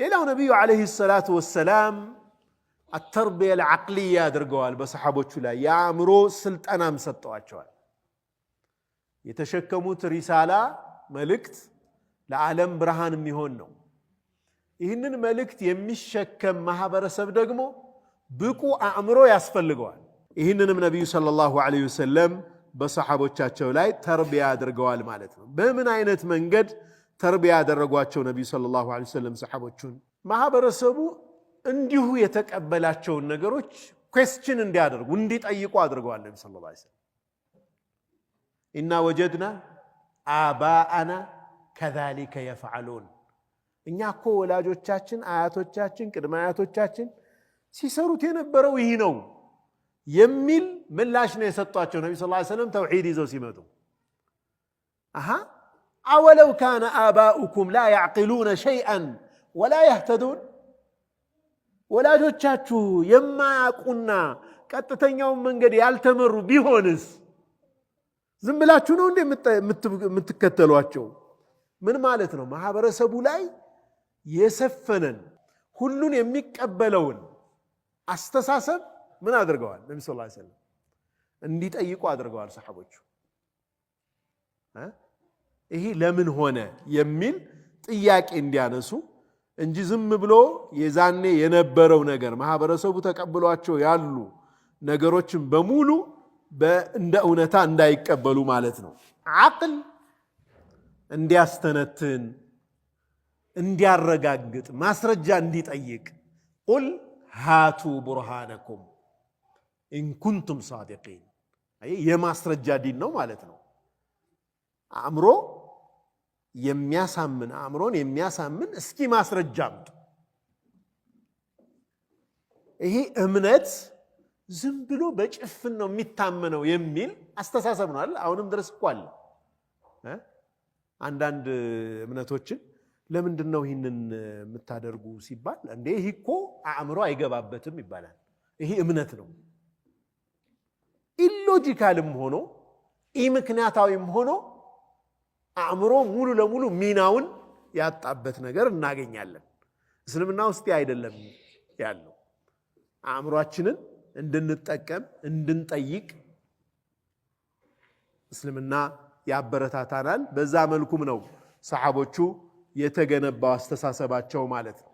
ሌላው ነቢዩ ዓለይሂ ሰላቱ ወሰላም አተርቢያ ልዓቅልያ አድርገዋል። በሰሓቦቹ ላይ የአእምሮ ስልጠናም ሰጠዋቸዋል። የተሸከሙት ሪሳላ መልእክት ለዓለም ብርሃን የሚሆን ነው። ይህንን መልእክት የሚሸከም ማህበረሰብ ደግሞ ብቁ አእምሮ ያስፈልገዋል። ይህንንም ነቢዩ ሰለላሁ ዓለይሂ ወሰለም በሰሓቦቻቸው ላይ ተርቢያ አድርገዋል ማለት ነው። በምን አይነት መንገድ ተርቢያ ያደረጓቸው ነቢዩ ሰለላሁ ዐለይሂ ወሰለም ሰሓቦቹን ማህበረሰቡ እንዲሁ የተቀበላቸውን ነገሮች ኩዌስችን እንዲያደርጉ እንዲጠይቁ አድርገዋል። ነቢ ስለ ላ ኢና ወጀድና አባአና ከዛሊከ የፍዓሉን እኛ እኮ ወላጆቻችን፣ አያቶቻችን፣ ቅድመ አያቶቻችን ሲሰሩት የነበረው ይህ ነው የሚል ምላሽ ነው የሰጧቸው ነቢ ስ ሰለም ተውሒድ ይዘው ሲመጡ አወለው ካነ አባኡኩም ላ ያዕቂሉነ ሸይአን ወላ ያህተዱን ወላጆቻችሁ የማያውቁና ቀጥተኛውን መንገድ ያልተመሩ ቢሆንስ ዝም ብላችሁ ነው እንዴ የምትከተሏቸው? ምን ማለት ነው? ማህበረሰቡ ላይ የሰፈነን ሁሉን የሚቀበለውን አስተሳሰብ ምን አድርገዋል? ነቢ ስ ሰለም እንዲጠይቁ አድርገዋል ሰሓቦቹ ይሄ ለምን ሆነ የሚል ጥያቄ እንዲያነሱ እንጂ ዝም ብሎ የዛኔ የነበረው ነገር ማህበረሰቡ ተቀብሏቸው ያሉ ነገሮችን በሙሉ እንደ እውነታ እንዳይቀበሉ ማለት ነው። አቅል እንዲያስተነትን፣ እንዲያረጋግጥ፣ ማስረጃ እንዲጠይቅ ቁል ሃቱ ቡርሃነኩም ኢንኩንቱም ሳዲቂን የማስረጃ ዲን ነው ማለት ነው። አእምሮ የሚያሳምን አእምሮን የሚያሳምን እስኪ ማስረጃ ይሄ እምነት ዝም ብሎ በጭፍን ነው የሚታመነው የሚል አስተሳሰብ ነው አለ። አሁንም ድረስ እኮ አለ። አንዳንድ እምነቶችን ለምንድን ነው ይህንን የምታደርጉ ሲባል እንዴ ይህ እኮ አእምሮ አይገባበትም ይባላል። ይሄ እምነት ነው። ኢሎጂካልም ሆኖ ኢምክንያታዊም ሆኖ አእምሮ ሙሉ ለሙሉ ሚናውን ያጣበት ነገር እናገኛለን። እስልምና ውስጥ አይደለም ያለው። አእምሯችንን እንድንጠቀም እንድንጠይቅ እስልምና ያበረታታናል። በዛ መልኩም ነው ሰሓቦቹ የተገነባው አስተሳሰባቸው ማለት ነው።